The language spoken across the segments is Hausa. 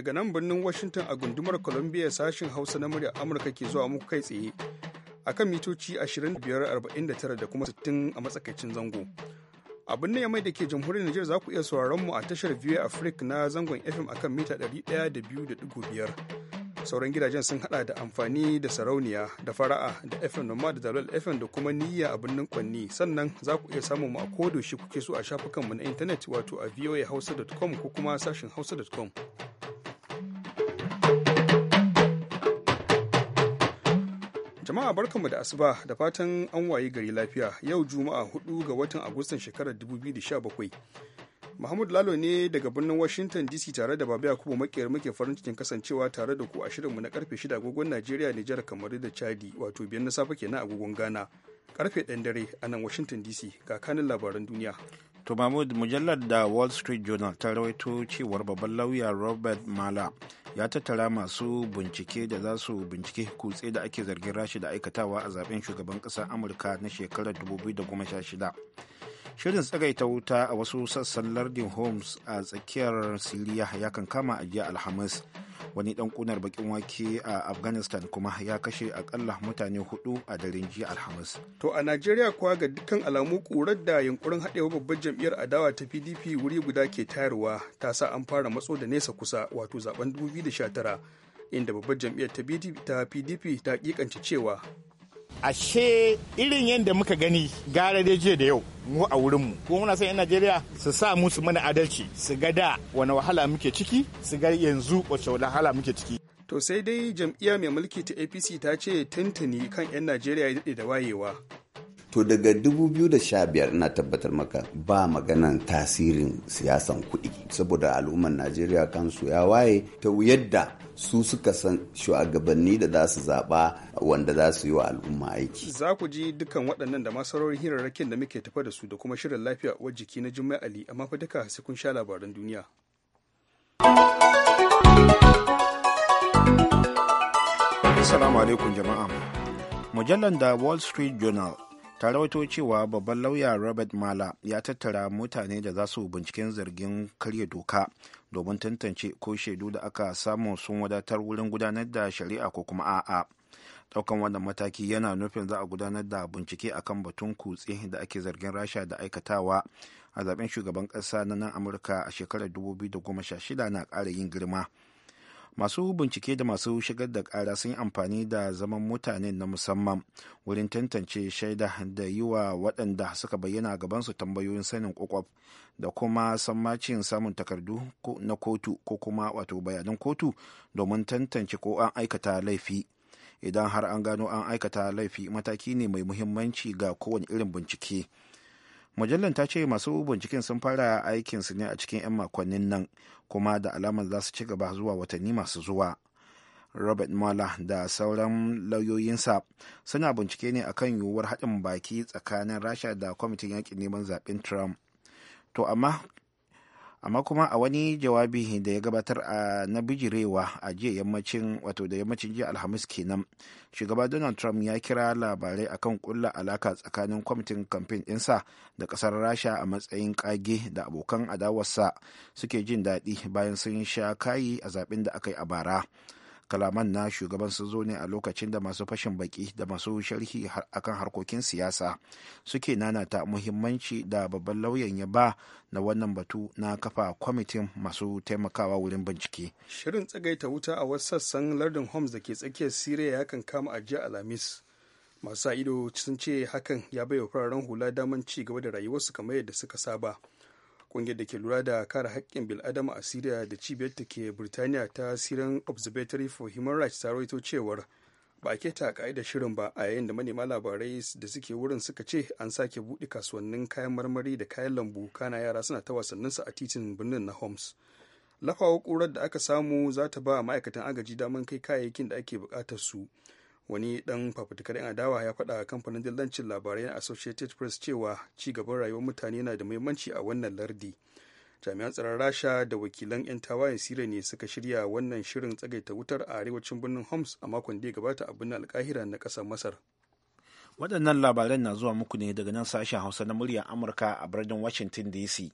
daga nan birnin Washington a gundumar Columbia sashin Hausa na murya Amurka ke zuwa muku kai tsaye a kan mitoci 2549 da kuma 60 a matsakaicin zango. Abin ne mai da ke jamhuriyar Nijar za ku iya sauraron mu a tashar VOA Africa na zangon FM a kan mita 102.5. Sauran gidajen sun hada da amfani da sarauniya da fara'a da FM Noma da Dalol FM da kuma niyya a birnin Kwanni sannan za ku iya samun mu a kodoshi kuke so a shafukanmu na intanet wato a voahausa.com ko kuma sashin hausa.com. Jama'a barkanmu da asuba da fatan an waye gari lafiya yau Juma'a 4 ga watan Agustan shekarar 2017. Muhammadu Lalo ne daga birnin Washington DC tare da Babu Yakubu Makiyar muke farin cikin kasancewa tare da ku a shirinmu na karfe 6 agogon Najeriya, Nijar, kamar da Chadi, wato biyan na safe kenan agogon Ghana. Karfe ɗan dare a nan Washington DC ga kanin labaran duniya. to mahmud mujallar da wall street journal ta rawaito cewar babban lauya robert mala ya tattara masu bincike da za su bincike kutse da ake zargin rashi da aikatawa a zaben shugaban ƙasar amurka na shekarar 2016 shirin tsagaita wuta a wasu sassan lardin homs a tsakiyar siriya ya kankama a jiya alhamis wani dan kunar bakin wake a afghanistan kuma ya kashe akalla mutane hudu a daren jiya alhamis to a najeriya kuwa ga dukkan alamu kurar da yunkurin haɗewa babbar jam'iyyar adawa ta pdp wuri guda ke tayarwa ta sa an fara matso da nesa kusa wato zaben 2019 inda babbar jam'iyyar ta pdp ta kikance cewa ashe irin yadda muka gani gara da jiya da yau mu a wurinmu ko muna san 'yan najeriya su sa musu mana adalci su ga da wani wahala muke ciki su ga yanzu wacce wahala muke ciki to sai dai jam'iyya mai mulki ta apc ta ce tuntuni kan 'yan najeriya ya daɗe da wayewa to daga 2015 ina tabbatar maka ba maganan tasirin siyasan kuɗi saboda al'ummar najeriya kansu ya waye ta yadda su suka san shugabanni da za su zaɓa wanda za su yi wa al'umma aiki. Za ku ji dukkan waɗannan da masarorin hirarrakin da muke tafa da su da kuma shirin lafiya uwar jiki na Jummai Ali amma fa duka sai kun sha labaran duniya. Assalamu alaikum jama'a. Mujallar da Wall Street Journal ta rawaito cewa babban lauya robert mala ya tattara mutane da za su binciken zargin karya doka domin tantance ko shaidu da aka samu sun wadatar wurin gudanar da shari'a ko kuma a'a daukan wannan mataki yana nufin za a gudanar da bincike akan batun kutse da ake zargin rasha da aikatawa a zaben shugaban kasa na nan amurka a shekarar 2016 na ƙara yin girma masu bincike da masu shigar da kara sun yi amfani da zaman mutanen na musamman wurin tantance shaida da yi wa waɗanda suka bayyana gaban su tambayoyin sanin kwakwaf da kuma sammacin samun takardu na kotu ko kuma wato bayanan kotu domin tantance ko an aikata laifi idan har an gano an aikata laifi mataki ne mai muhimmanci ga kowane irin bincike. mujallar ta ce masu binciken sun fara aikinsu ne a cikin 'yan makonnin nan kuma da alamar za su ci gaba zuwa watanni masu zuwa robert mueller da sauran lauyoyinsa suna bincike ne akan yiwuwar haɗin baki tsakanin rasha da kwamitin yakin neman zaɓen trump to amma amma kuma a wani jawabi da ya gabatar a na bijirewa a jiya yammacin wato da yammacin jiya alhamis kenan shugaba donald trump ya kira labarai akan kulla alaka tsakanin kwamitin kamfen ɗinsa da ƙasar rasha a matsayin ƙage da abokan adawarsa suke jin daɗi bayan sun sha kayi a zaɓen da aka yi a bara kalaman na shugaban sun zo ne a lokacin da masu fashin baki da masu sharhi akan harkokin siyasa suke nanata muhimmanci da babban lauyan ya ba na wannan batu na kafa kwamitin masu taimakawa wurin bincike shirin tsagaita wuta a wasu sassan lardin homs da ke tsakiyar siriya ya kan kama ajiya alhamis masu ido sun ce hakan ya bai wa fararen hula daman ci gaba da rayuwarsu kamar yadda suka saba kungiyar da ke lura da kare haƙƙin bil'adama a syria da cibiyar ta ke birtaniya ta siren observatory for human rights ta rawaito cewar ba a keta ka'idar shirin ba a yayin da manema labarai da suke wurin suka ce an sake buɗe kasuwannin kayan marmari da kayan lambu kana yara suna ta wasanninsu a titin birnin na homs lafawa ƙurar da aka samu za ta ba ma'aikatan agaji daman kai kayayyakin da ake buƙatar su wani dan fafutukar yan adawa ya faɗa a kamfanin dillancin labarai na associated press cewa ci gaban rayuwar mutane na da muhimmanci a wannan lardi jami'an tsaron rasha da wakilan 'yan tawayen siriya ne suka shirya wannan shirin tsagaita wutar a arewacin birnin homs a makon da ya gabata a birnin alkahira na ƙasar masar waɗannan labaran na zuwa muku ne daga nan sashen hausa na muryar amurka a birnin washington dc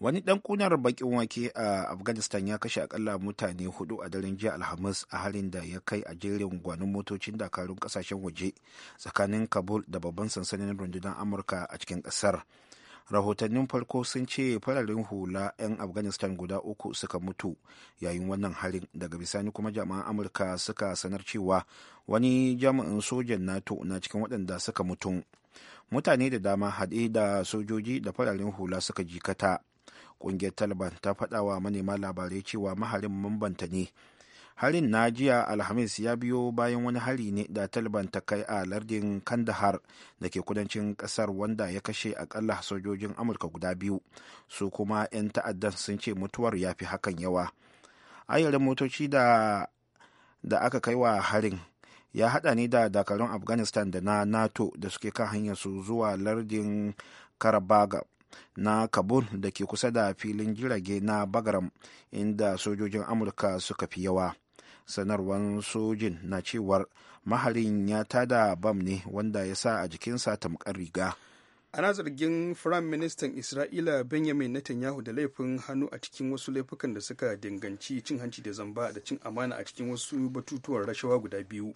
wani dan kunar bakin wake a afghanistan ya kashe akalla mutane hudu a daren jiya alhamis a halin da ya kai a jerin gwanin motocin dakarun kasashen waje tsakanin kabul da babban sansanin rundunar amurka a cikin kasar rahotannin farko sun ce fararen hula 'yan afghanistan guda uku suka mutu yayin wannan harin daga bisani kuma jama'an amurka suka sanar cewa wani jami'in sojan nato na cikin waɗanda suka mutu mutane da dama haɗe da sojoji da fararen hula suka jikata ƙungiyar taliban ta faɗa wa manema labarai cewa maharin mambanta ne harin na jiya alhamis ya biyo bayan wani hari ne da taliban ta kai a lardin kandahar da ke kudancin kasar wanda ya kashe akalla sojojin amurka guda biyu su kuma 'yan ta'addan sun ce mutuwar ya fi hakan yawa ayyarin motoci da da aka kai wa harin ya hada ne da dakarun afghanistan da na nato da suke kan hanyar su zuwa lardin karabagab na kabul da ke kusa da filin jirage na bagaram inda sojojin amurka suka fi yawa sanarwar sojin na cewar maharin ya tada bam ne wanda ya sa a jikinsa tamkar riga ana zargin firayim ministan isra'ila benjamin netanyahu da laifin hannu a cikin wasu laifukan da suka danganci cin hanci da zamba da cin amana a cikin wasu batutuwan rashawa guda biyu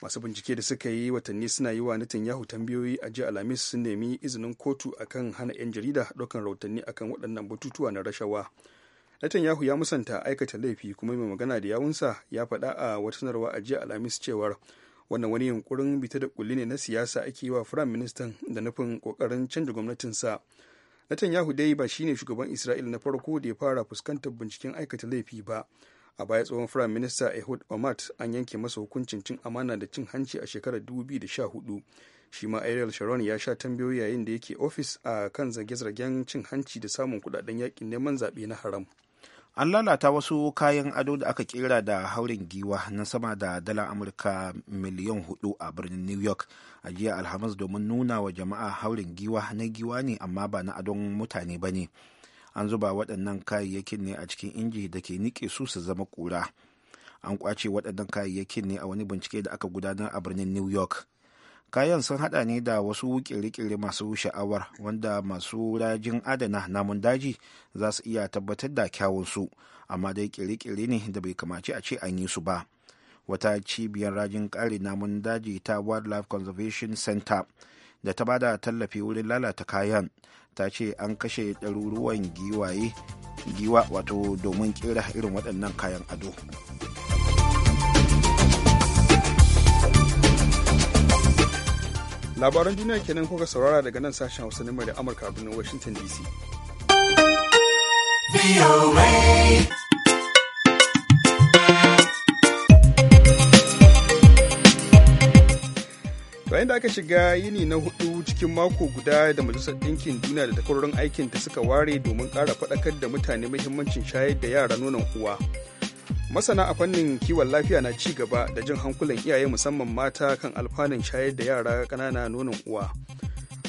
masu bincike da suka yi watanni suna yi wa yahu tambayoyi a jiya alhamis sun nemi izinin kotu akan hana 'yan jarida ɗaukan rautanni akan waɗannan batutuwa na rashawa yahu ya musanta aikata laifi kuma mai magana da yawunsa ya faɗa a wata sanarwa a jiya alhamis cewar wannan wani yunkurin bita da kulli ne na siyasa ake yi wa firayim ministan da nufin kokarin canza gwamnatinsa yahu dai ba shine shugaban Isra'il na farko da ya fara fuskantar binciken aikata laifi ba a baya tsohon firayim minista ehud omat an yanke masa hukuncin cin amana da cin hanci a shekarar 2014 shi ma ariel sharon ya sha tambayoyi yayin da yake ofis a kan zage-zagen cin hanci da samun kudaden yakin neman zaɓe na haram an lalata wasu kayan ado da aka kera da haurin giwa na sama da dala amurka miliyan hudu a birnin new york a jiya alhamis domin nuna wa jama'a haurin giwa na giwa ne amma ba na adon mutane ba ne an zuba waɗannan kayayyakin ne a cikin inji da ke niƙe su su zama ƙura an kwace waɗannan kayayyakin ne a wani bincike da aka gudanar a birnin new york kayan sun hada ne da wasu kere masu sha'awar wanda masu rajin adana namun daji za su iya tabbatar da kyawunsu amma dai kere ne da bai kamace a ce an yi su ba wata cibiyar rajin kare namun daji ta wildlife conservation center da ta bada tallafi wurin lalata kayan ta ce an kashe ɗaruruwan giwaye giwa wato domin kera irin waɗannan kayan ado labaran duniya kenan kuka saurara daga nan sashen hausa na da amurka a birnin washington dc yayin da aka shiga yini na hudu cikin mako guda da majalisar ɗinkin duniya da takwarorin aikin ta suka ware domin ƙara faɗakar da mutane muhimmancin shayar da yara nonon uwa masana a fannin kiwon lafiya na ci gaba da jin hankulan iyaye musamman mata kan alfanun shayar da yara ƙanana nonon uwa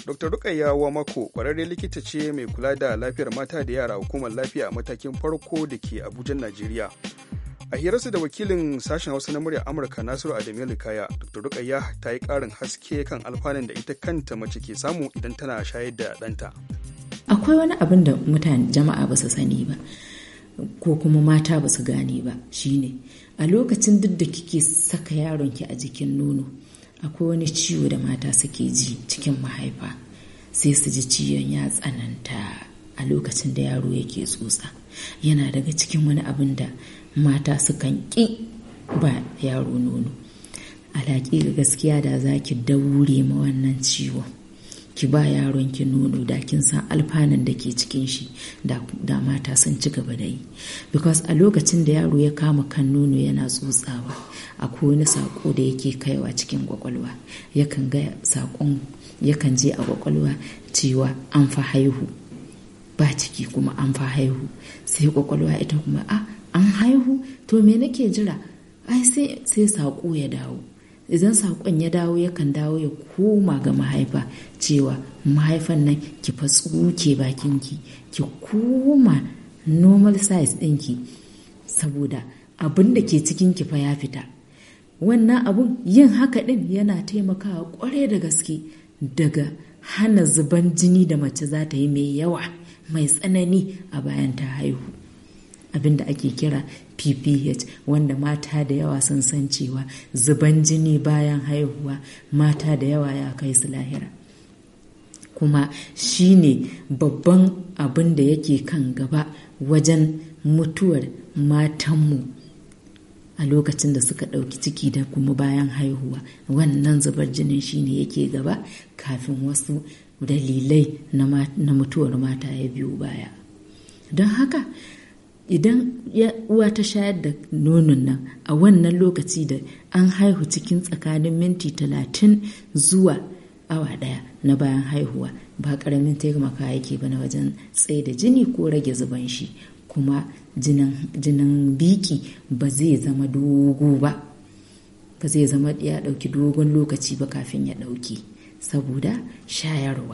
dr rukayya mako kwararre likita ce mai kula da lafiyar mata da yara hukumar lafiya a matakin farko da ke abuja najeriya a hirarsa da wakilin sashen hausa na murya amurka nasiru adamu kaya dr rukayya ta yi karin haske kan alfanun da ita kanta mace ke samu idan tana shayar da ɗanta akwai wani abin da mutane jama'a ba su sani ba ko kuma mata ba su gane ba shine a lokacin duk da kike saka yaronki a jikin nono akwai wani ciwo da mata suke ji cikin mahaifa sai su ji ciwon ya tsananta a lokacin da yaro yake tsotsa yana daga cikin wani abin da mata sukan ƙi ba yaro nono alaƙi ga gaskiya da za ki daure ma wannan ciwon ki ba yaron ki nono da kin san alfanan da ke cikin shi da mata sun ci gaba da yi because a lokacin da yaro ya kama kan nono yana tsotsawa akwai wani sako da yake kaiwa cikin kwakwalwa yakan ga sakon yakan je a kwakwalwa cewa an fa haihu ba ciki kuma an fa haihu sai kwakwalwa ita kuma a ah, an haihu to me nake jira ai sai sai saƙo ya dawo idan saƙon ya dawo yakan dawo ya koma ga mahaifa cewa mahaifan nan ki fa tsuke bakin ki ki koma normal size ɗinki saboda abin da ke cikin ki fa ya fita wannan abun yin haka ɗin yana taimakawa ƙwarai da gaske daga hana zuban jini da mace za ta yi mai yawa mai tsanani a bayan ta haihu abin da ake kira pph wanda mata da yawa sun san cewa zuban jini bayan haihuwa mata da yawa ya kai su lahira kuma shi ne babban abin da yake kan gaba wajen mutuwar matanmu a lokacin da suka ɗauki ciki da kuma bayan haihuwa wannan zubar jinin shi ne yake gaba kafin wasu dalilai na mutuwar mata ya biyu baya don haka idan uwa ta shayar da nonon nan a wannan lokaci da an haihu cikin tsakanin minti talatin zuwa awa daya na bayan haihuwa ba karamin taimaka yake ba na wajen tsaye da jini ko rage zuban shi kuma jinin biki ba zai zama dogo ba ba zai zama ya dauki dogon lokaci ba kafin ya dauki saboda shayarwa.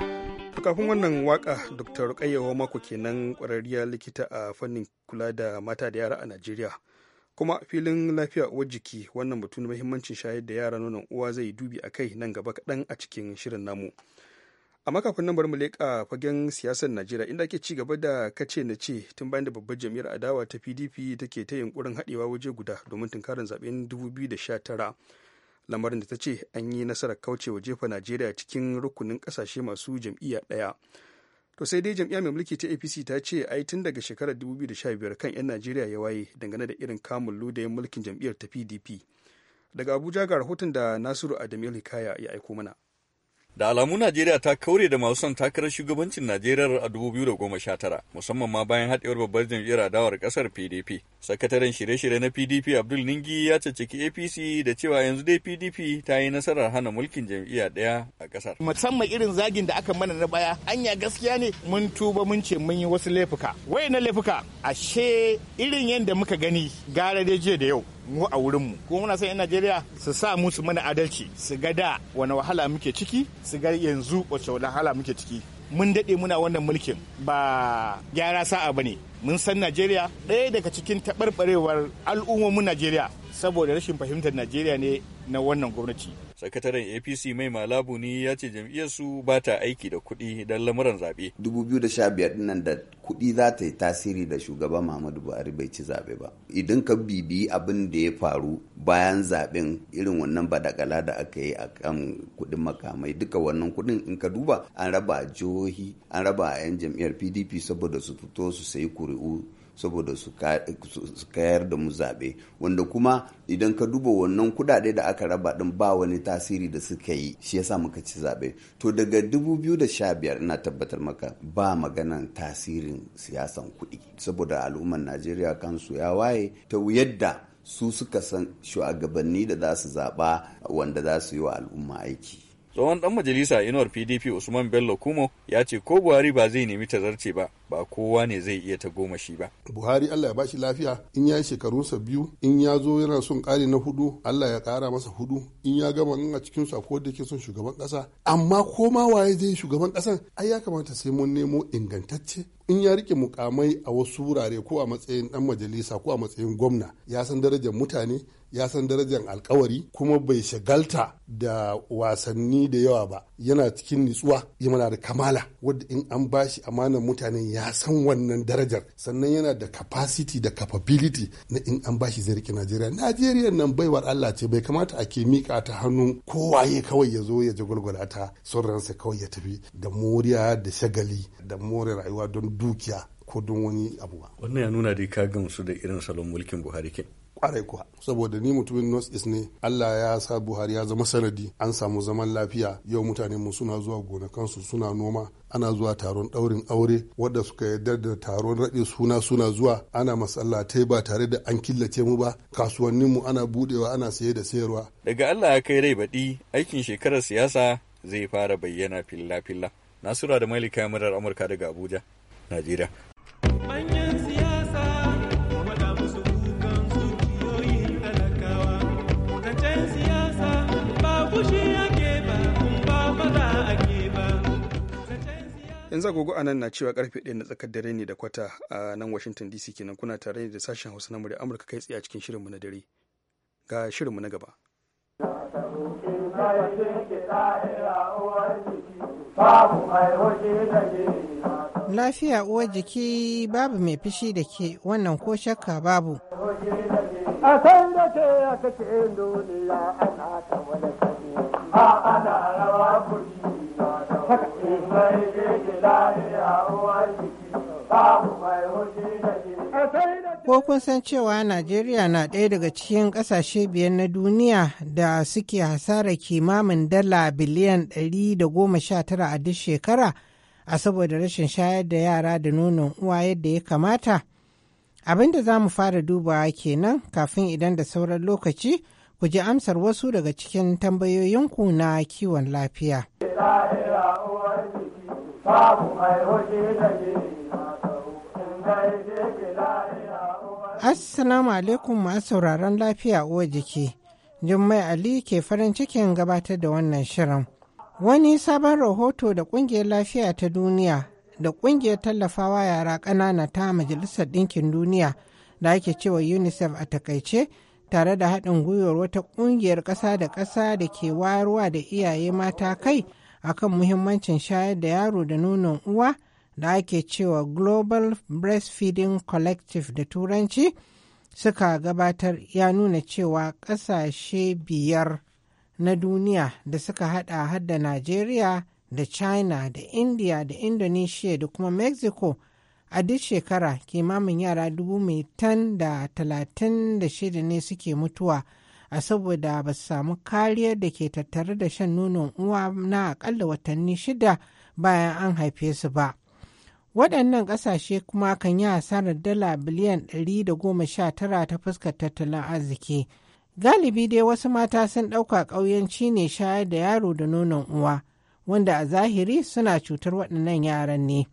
To kafin wannan waka Dr. Rukayyawa mako kenan kwararriya likita a fannin kula da mata da yara a Najeriya. Kuma filin lafiya uwar jiki wannan batu mahimmancin shayar da yara nonon uwa zai dubi a kai nan gaba kaɗan a cikin shirin namu. A makafin nan bari mu leƙa fagen siyasar Najeriya inda ake ci gaba da kace na ce tun bayan da babbar jam'iyyar adawa ta PDP take ta yunkurin haɗewa waje guda domin tunkarin zaɓen 2019 lamarin da ta ce an yi nasarar kaucewa jefa najeriya cikin rukunin kasashe masu jam'iyya ɗaya to sai dai jam'iyya mai mulki ta apc ta ce ai tun daga shekarar 2015 kan 'yan najeriya ya waye dangane da irin kamun ludayin mulkin jam'iyyar ta pdp daga abuja ga rahoton da nasiru ya hikaya ya aiko mana Da alamu Najeriya ta kaure da masu son takarar shugabancin Najeriya a 2019 musamman ma bayan haɗewar babbar jam'iyyar adawar ƙasar PDP. Sakataren shirye-shirye na PDP Abdul Ningi ya caccaki APC da cewa yanzu dai PDP ta yi nasarar hana mulkin jam'iyya ɗaya a ƙasar. Musamman irin zagin da aka mana na baya anya gaskiya ne mun tuba mun ce mun yi wasu laifuka. Wai na laifuka ashe irin yadda muka gani gara da jiya da yau. mu a wurin mu ko muna son 'yan najeriya su sa musu mana adalci su ga da wani wahala muke ciki su ga yanzu wace wahala muke ciki mun daɗe muna wannan mulkin ba gyara sa'a ba ne mun san najeriya ɗaya daga cikin taɓarɓarewar al'ummomin najeriya saboda rashin fahimtar najeriya ne na wannan gwamnati sakataren apc mai malabu ne ya ce jam'iyyarsu ba ta aiki da kuɗi don lamuran zaɓe 2015 dinnan da kuɗi za ta yi tasiri da shugaba muhammadu buhari bai ci zaɓe ba idan ka bibi abin da ya faru bayan zaɓen irin wannan badakala da aka yi a kan kuɗin makamai duka wannan kuɗin in ka duba an raba jihohi an raba a 'yan jam'iyyar pdp saboda su fito su sayi kuri kuri'u saboda su kayar da mu zaɓe wanda kuma idan ka duba wannan kuɗaɗe da aka raba ɗin ba wani tasiri da suka yi shi yasa muka ci zaɓe to daga 2015 ina tabbatar maka ba maganan tasirin siyasan kuɗi saboda al'ummar najeriya kansu ya waye ta yadda su suka san shugabanni da za su zaɓa wanda za su yi wa al'umma aiki tsohon dan majalisa inuwar pdp usman bello kumo ya ce ko buhari ba zai nemi ta tazarce ba ba kowa ne zai iya ta goma shi ba. Buhari Allah ya bashi lafiya in ya yi shekarunsa biyu in ya zo yana son ƙari na hudu Allah ya ƙara masa hudu in ya gama a cikin su akwai da ke son shugaban ƙasa amma ko ma waye zai shugaban ƙasan ai ya kamata sai mun nemo ingantacce in ya rike mukamai a wasu wurare ko a matsayin ɗan majalisa ko a matsayin gwamna ya san darajar mutane ya san darajar alkawari kuma bai shagalta da wasanni da yawa ba yana cikin nitsuwa yana da kamala wadda in an bashi amanar mutanen ya ya san wannan darajar sannan yana da capacity da capability na in an bashi zai rike najeriya najeriya nan baiwar allah ce bai kamata a ke mika ta hannun kowaye kawai ya zo ya ji ta son ransa kawai ya tafi da moriya da shagali da more rayuwa don dukiya ko don wani abu wannan ya nuna dai ka gamsu da irin salon mulkin buhari ke kwarai kuwa saboda ni mutumin north east ne allah ya sa buhari ya zama sanadi an samu zaman lafiya yau mutane mu suna zuwa gonakansu suna noma ana zuwa taron ɗaurin aure wadda suka yarda da taron raɗe suna suna zuwa ana masallatai ba tare da an killace mu ba kasuwannin mu ana budewa ana saye da sayarwa daga allah ya kai rai baɗi aikin shekarar siyasa zai fara bayyana filla-filla nasura da malika murar amurka daga abuja najeriya yanzu agogo a nan na cewa karfe ɗaya na tsakar dare ne da kwata a nan washington dc kenan kuna tare da sashen hausa na murya amurka kai tsaye a cikin shirinmu na dare ga shirinmu na gaba lafiya uwar jiki babu mai fishi da ke wannan ko shakka babu a san ana rawa haka ko kun san cewa najeriya na ɗaya daga cikin ƙasashe biyar na duniya da suke hasara kimamin dala biliyan 119 a duk shekara a saboda rashin shayar da yara da nonon uwa yadda ya kamata abinda za mu fara dubawa kenan kafin idan da sauran lokaci ku ji amsar wasu daga cikin tambayoyinku na kiwon lafiya. Assalamu alaikum masu sauraron lafiya uwa jiki. Jummai Ali ke farin cikin gabatar da wannan shirin. Wani sabon rahoto da ƙungiyar lafiya ta duniya da ƙungiyar tallafawa yara ƙanana ta Majalisar Ɗinkin Duniya da ake cewa UNICEF a takaice tare da haɗin gwiwar wata ƙungiyar ƙasa da ƙasa da ke wayarwa da iyaye mata kai akan muhimmancin shayar da yaro da nonon uwa da ake cewa Global Breastfeeding Collective da Turanci suka gabatar ya nuna cewa ƙasashe biyar na duniya da suka hada hada Najeriya da China da India da Indonesia da kuma Mexico a duk shekara kimamin yara dubu mai tan da talatin da shida ne suke mutuwa a saboda ba su samu kariyar da ke tattare da shan nonon uwa na akalla watanni shida bayan an haife su ba. Waɗannan ƙasashe kuma kan yi hasarar dala biliyan 119 ta fuskar tattalin arziki. Galibi dai wasu mata sun ɗauka ƙauyenci ne shayar da yaro da nonon uwa, wanda a zahiri suna cutar waɗannan yaran ne.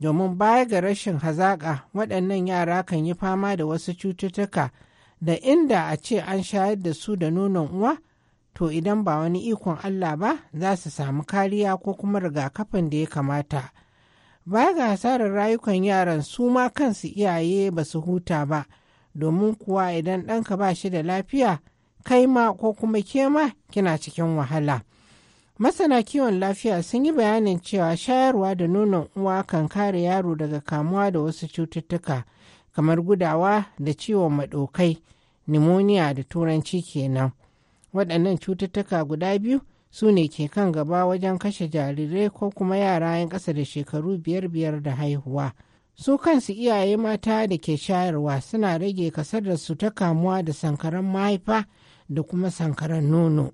Domin baya ga rashin hazaƙa waɗannan yara kan yi fama da wasu cututtuka. da inda a ce an shayar da su da nonon uwa to idan ba wani ikon Allah ba za su samu kariya ko kuma rigakafin da ya kamata. Baya ga hasarar rayukan yaran su ma kansu iyaye ba su huta ba, domin kuwa idan ɗanka ba shi da lafiya, kai ma ko kuma ke ma kina cikin wahala. Masana kiwon lafiya sun yi bayanin cewa shayarwa da nonon uwa kan kare yaro daga kamuwa da wasu cututtuka, kamar gudawa da ciwon maɗokai. pneumonia da turanci kenan waɗannan cututtuka guda biyu su ne ke kan gaba wajen kashe jarirai ko kuma yara 'yan ƙasa da shekaru biyar biyar da haihuwa su kansu iyaye mata da ke shayarwa suna rage kasar da su ta kamuwa da sankaran mahaifa da kuma sankaran nono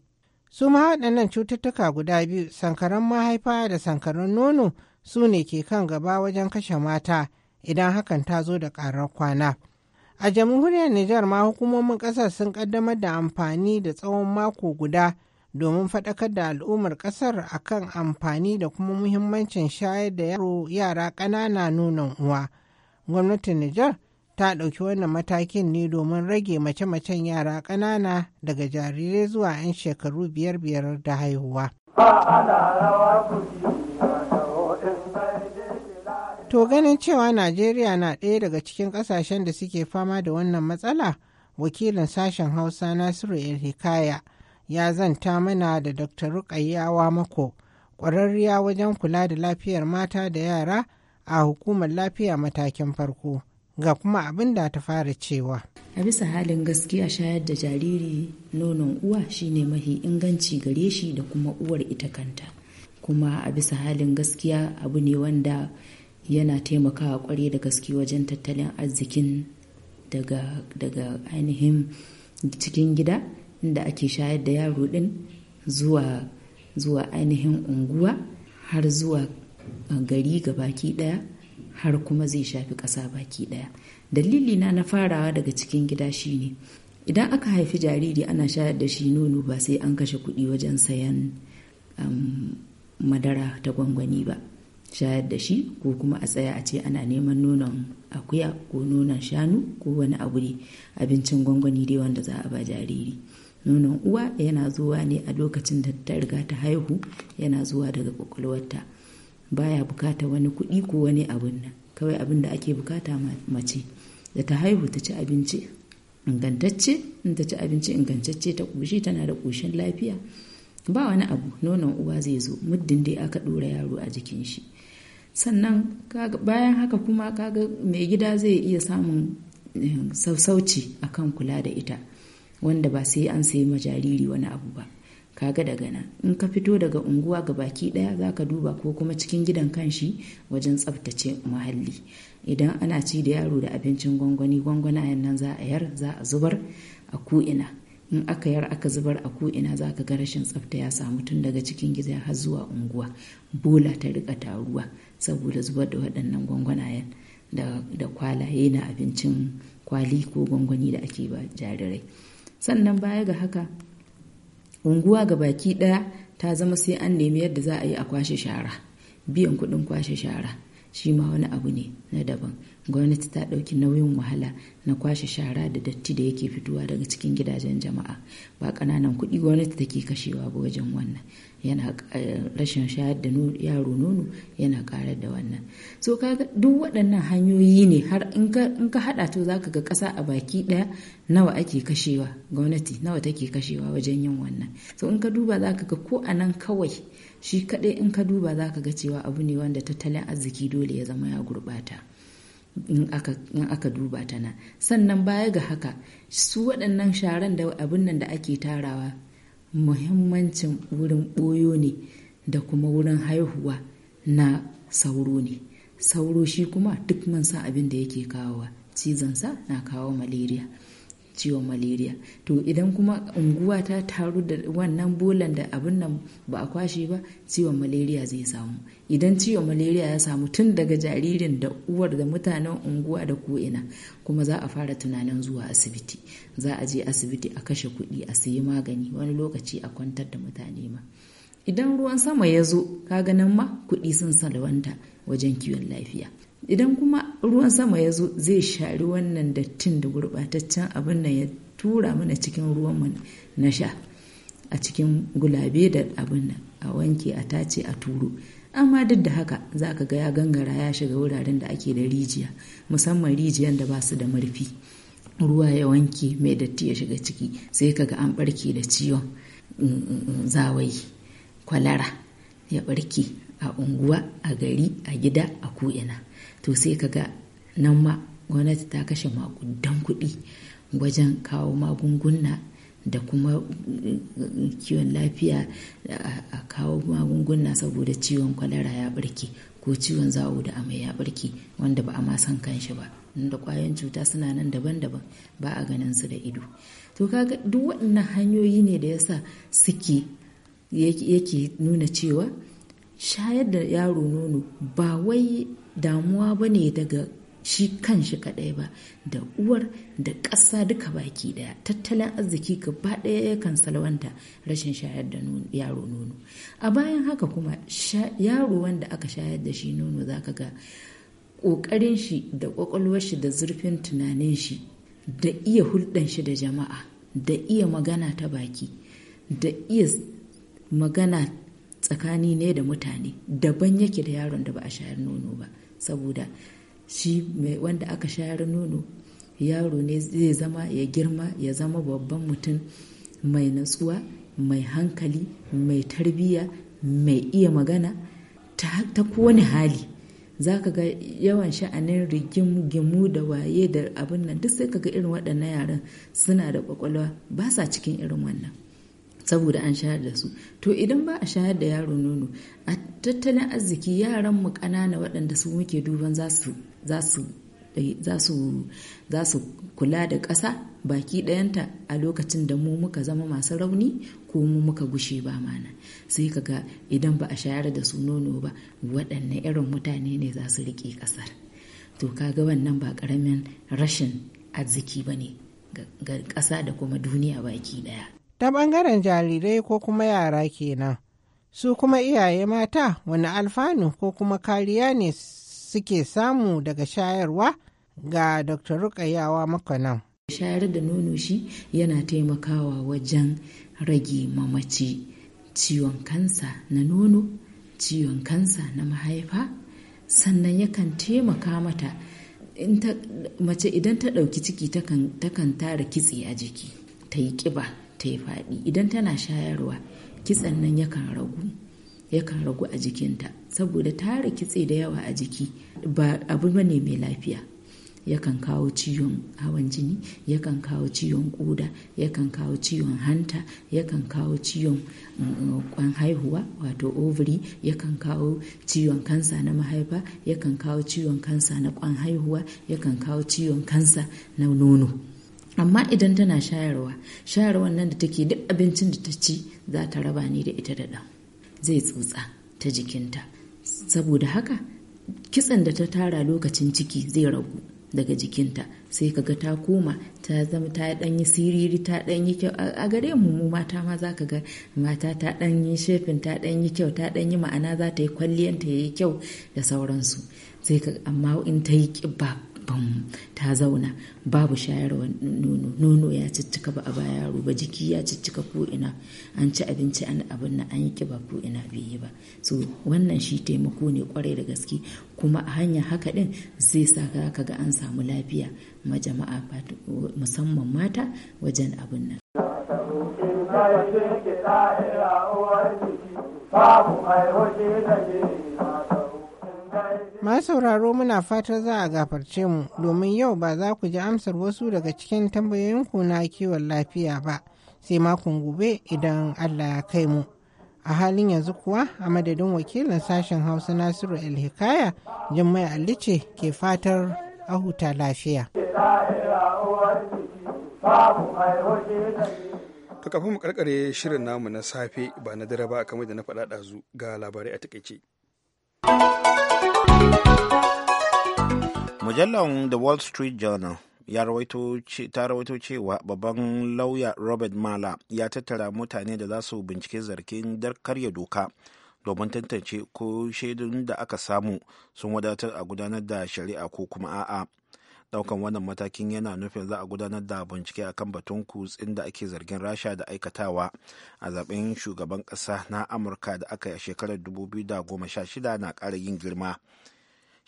su ma waɗannan cututtuka guda biyu sankaran mahaifa da sankaran nono su ne ke kan gaba wajen kashe mata idan hakan ta zo da ƙarar kwana. A jamhuriyar Nijar ma hukumomin ƙasar sun ƙaddamar da amfani da tsawon mako guda domin faɗakar da al'ummar ƙasar akan amfani da kuma muhimmancin shayar da yaro yara ƙanana nunan uwa. Gwamnatin Nijar ta ɗauki wannan matakin ne domin rage mace-macen yara ƙanana daga jarirai zuwa 'yan shekaru biyar biyar da haihuwa. To ganin cewa Najeriya na ɗaya daga cikin ƙasashen da suke fama da wannan matsala, wakilin sashen Hausa Nasiru Hikaya ya zanta mana da Dr. Rukayyawa mako, ƙwararriya wajen kula da lafiyar mata da yara a hukumar lafiya matakin farko. Ga kuma abin da ta fara cewa. A bisa halin gaskiya shayar da jariri nonon uwa shine mahi inganci gare shi da kuma uwar ita kanta. Kuma a bisa halin gaskiya abu ne wanda yana taimakawa kwarai da gaske wajen tattalin arzikin daga, daga ainihin cikin gida inda ake shayar da yaro din zuwa ainihin unguwa har zuwa gari ga baki daya har kuma zai shafi ƙasa baki daya dalili na na farawa daga cikin gida shine idan aka haifi jariri ana shayar da shi nono ba sai an kashe kuɗi wajen sayan um, madara ta gwangwani ba shayar da shi ko kuma a tsaya a ce ana neman nonon akuya ko nonon shanu ko wani abu ne abincin gwangwani dai wanda za a ba jariri nonon uwa yana zuwa ne a lokacin da ta riga ta haihu yana zuwa daga kwakwalwarta baya bukata wani kuɗi ko wani abin nan kawai abin da ake bukata mace da ta haihu ta ci abinci ingantacce in ta ci abinci ingantacce ta ƙoshi tana da ƙoshin lafiya ba wani abu nonon uwa zai zo muddin dai aka ɗora yaro a jikin shi sannan bayan haka kuma kaga mai gida zai iya samun eh, sausauci akan kula da ita wanda ba sai an sayi ma jariri wani abu ba kaga daga nan in ka fito daga unguwa ga baki daya zaka duba ko kuma cikin gidan kanshi wajen tsabtace muhalli idan ana ci da yaro da abincin gwangwani gwangwanayen nan za a yar za a zubar a ko'ina in aka yar aka zubar a ko'ina za ka ga rashin tsabta ya samu tun daga cikin gida har zuwa unguwa bola ta rika taruwa saboda zubar da waɗannan gwangwanayen da kwalaye na abincin kwali ko gwangwani da ake ba jarirai sannan baya ga haka unguwa ga baki ɗaya ta zama sai an nemi yadda za a yi a kwashe shara biyan kuɗin kwashe shara shi ma wani abu ne na daban gwamnati ta ɗauki nauyin wahala na kwashe shara da datti da yake fitowa daga cikin gidajen jama'a ba kananan kuɗi gwamnati take kashewa ba wajen wannan yana eh, rashin shayar da yaro nono yana ƙarar da wannan so kaga duk waɗannan hanyoyi ne har in ka haɗa to zaka ga ƙasa a baki ɗaya nawa ake kashewa gwamnati nawa take kashewa wajen yin wannan so in ka duba zaka ga ko a nan kawai shi kaɗai in ka duba zaka ga cewa abu ne wanda tattalin arziki dole ya zama ya gurɓata in aka duba ta nan sannan baya ga haka su waɗannan sharan da abin nan da ake tarawa muhimmancin wurin ɓoyo ne da kuma wurin haihuwa na sauro ne sauro shi kuma duk man san abin da yake kawowa cizon sa na kawo malaria ciwon malaria to idan kuma unguwa ta taru da wannan bolan da abin nan ba a kwashe ba ciwon malaria zai samu idan ciwon malaria ya samu tun daga jaririn da uwar da mutanen unguwa da ko'ina kuma za a fara tunanin zuwa asibiti za a je asibiti a kashe kuɗi a sayi magani wani lokaci a kwantar da mutane ma idan ruwan sama ya zo kaga nan ma kuɗi sun salwanta wajen kiwon lafiya idan kuma ruwan sama ya zo zai shari wannan dattin da gurɓataccen abin da ya tura mana cikin ruwan mu na sha a cikin gulabe da abin nan a wanke a tace a turo amma duk da haka za ka ga ya gangara ya shiga wuraren da ake da rijiya musamman rijiyan da ba su da murfi ruwa ya wanke mai datti ya shiga ciki sai ka ga an barke da ciwon mm, mm, mm, zawayi kwalara ya barke a unguwa a gari a gida a ko'ina to sai ka ga nan ma gwamnati ta kashe makudan kuɗi wajen kawo magunguna da kuma eh, kiwon lafiya a kawo magunguna saboda ciwon kwalara ya barke ko ciwon zawo da amai ya barke wanda ba a ma san kanshi ba da kwayan cuta suna nan daban-daban ba a ganin su da ido to kaga duk waɗannan hanyoyi ne da yasa suke yake nuna cewa shayar da yaro nono ba wai damuwa ba ne daga shi kan shi kaɗai ba da uwar da ƙasa duka baki ɗaya tattalin arziki gaba ɗaya yakan salwanta rashin shayar da yaro nono a bayan haka kuma yaro wanda aka shayar da shi nono za ka ga ƙoƙarin shi da ƙwaƙwalwar shi da zurfin tunanin shi da iya hulɗan shi da jama'a da iya magana ta baki da iya magana tsakani ne da mutane daban yake da yaron da ba a shayar nono ba saboda shi wanda aka shayar nono yaro ne zai zama ya girma ya zama babban mutum mai natsuwa mai hankali mai tarbiyya mai iya magana ta, kowane hali za ka ga yawan sha'anin rigim gimu da waye da abin nan duk sai ka ga irin waɗannan yaran suna da kwakwalwa ba sa cikin irin wannan saboda an shayar da su to idan ba a shayar da yaro nono a tattalin arziki yaran mu ƙanana waɗanda su muke duban za su kula da ƙasa baki ɗayanta a lokacin da mu muka zama masu rauni ko mu muka gushe ba mana sai ka ga idan ba a shayar da su nono ba waɗanne irin mutane ne za su riƙe ƙasar to kaga wannan ba ƙaramin rashin arziki ba ne ga ƙasa da kuma duniya baki ɗaya ta ɓangaren jarirai ko kuma yara kenan su kuma iyaye mata wani alfanu ko kuma kariya ne suke samu daga shayarwa ga dr rukayawa makanan shayar da nono shi yana taimakawa wajen rage mamaci ciwon kansa na nono ciwon kansa na mahaifa sannan yakan taimaka mata mace idan ta ɗauki ciki takan tara kitse a jiki ta yi ƙiba ta yi faɗi idan tana shayarwa kitsen nan yakan ragu yakan ragu a jikinta saboda tara kitse da yawa a jiki ba abu bane mai lafiya yakan kawo ciwon hawan jini yakan kawo ciwon koda yakan kawo ciwon hanta yakan kawo ciwon kwan mm, haihuwa wato ovary yakan kawo ciwon kansa na mahaifa yakan kawo ciwon kansa na kwan haihuwa yakan kawo ciwon kansa na nono amma idan tana shayarwa shayarwar nan da take duk abincin da ta ci za ta raba ni da ita da ɗan zai tsutsa ta jikinta saboda haka kitsan da ta tara lokacin ciki zai ragu daga jikinta sai kaga ta koma ta zama ta dan yi siriri ta dan yi kyau a gare mu mu mata ma za ka ga mata ta dan yi shefin ta dan yi kyau ta dan yi ma'ana za ta yi kwalliyanta yayi kyau da sauransu sai ka amma in ta yi kibba. bam ta zauna babu shayarwa nono nono ya ciccika ba a ba yaro ba jiki ya ciccika ko ina an ci abinci an abin nan an yi kiba ko ina bai yi ba so wannan shi taimako ne kwarai da gaske kuma a hanyar haka din zai sa ka ga an samu lafiya ma musamman mata wajen abin nan babu kai hoji da Ma sauraro muna fata za a gafarce mu domin yau ba za ku ji amsar wasu daga cikin tambayoyin ku na kiwon lafiya ba sai makon gobe idan Allah ya kai mu. A halin yanzu kuwa a madadin wakilin sashen Hausa Nasiru Alhikaya Jummai Alice ke fatar a huta lafiya. Ka kafin mu karkare shirin namu na safe ba na dare ba kamar da na faɗa ɗazu ga labarai a takaice. mujallar the wall street journal ya ta rawaito cewa babban lauya robert mala ya tattara mutane da za su bincike zargin karya doka domin tantance ko shaidun da aka samu sun wadatar a gudanar da shari'a ko kuma a'a daukan wannan matakin yana nufin za a gudanar da bincike a kan batun kutsin da ake zargin rasha da aikatawa a zaben shugaban kasa na amurka da aka yi a shekarar 2016 na ƙara yin girma.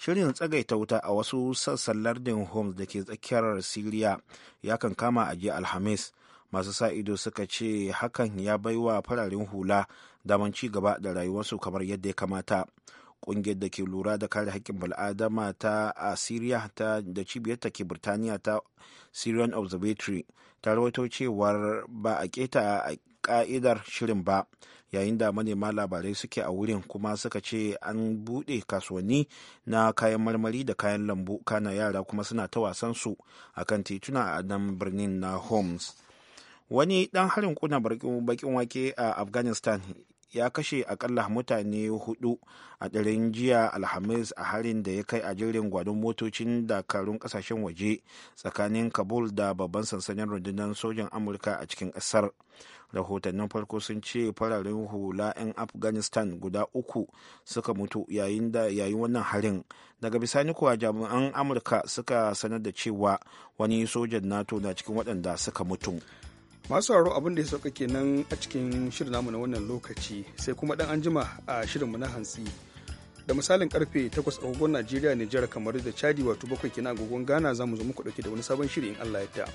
shirin tsagaita wuta a wasu sassan lardin homs da ke tsakiyar siriya ya kan kama a jiya alhamis masu sa ido suka ce hakan ya baiwa fararen hula daman ci gaba da rayuwarsu kamar yadda ya kamata kungiyar da ke lura da kare haƙƙin bal'adama ta a siriya ta da cibiyar ta ke birtaniya ta syrian observatory ta rawaito cewar ba a keta ka'idar shirin ba yayin da manema labarai suke a wurin kuma suka ce an buɗe kasuwanni na kayan marmari da kayan lambu kana yara kuma suna ta wasan su a kan tituna a nan birnin na homs wani dan harin kuna bakin wake a afghanistan ya kashe akalla mutane hudu a ɗarin jiya alhamis a harin da ya kai a jirgin gwadon motocin dakarun kasashen waje tsakanin kabul da babban sansanin rundunar sojan amurka a cikin ƙasar rahotannin farko sun ce fararen hula 'yan afghanistan guda uku suka mutu yayin wannan harin daga bisani kuwa jami'an amurka suka sanar da cewa wani sojan nato na cikin waɗanda suka mutu masu haro abin da ya sauka kenan a cikin shirin namu na wannan lokaci sai kuma dan anjima a shirinmu na hantsi da misalin karfe 8 agogon najeriya nijar kamar da chadi wato bakwai kenan agogon ghana za mu zo muku dauke da wani sabon shiri in allah ya ta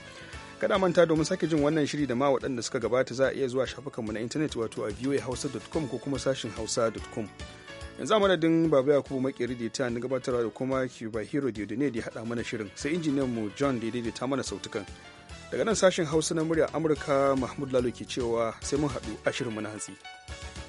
kada manta domin sake jin wannan shiri da ma waɗanda suka gabata za a iya zuwa shafukanmu na intanet wato a voahausa.com ko kuma sashin hausa.com yanzu a madadin baba yakubu makeri da ta gabatarwa da kuma cuba hero diodone da ya haɗa mana shirin sai injiniyan mu john da ta mana sautukan daga nan sashin hausa na murya amurka mahmud lalo ke cewa sai mun haɗu a shirinmu na hantsi.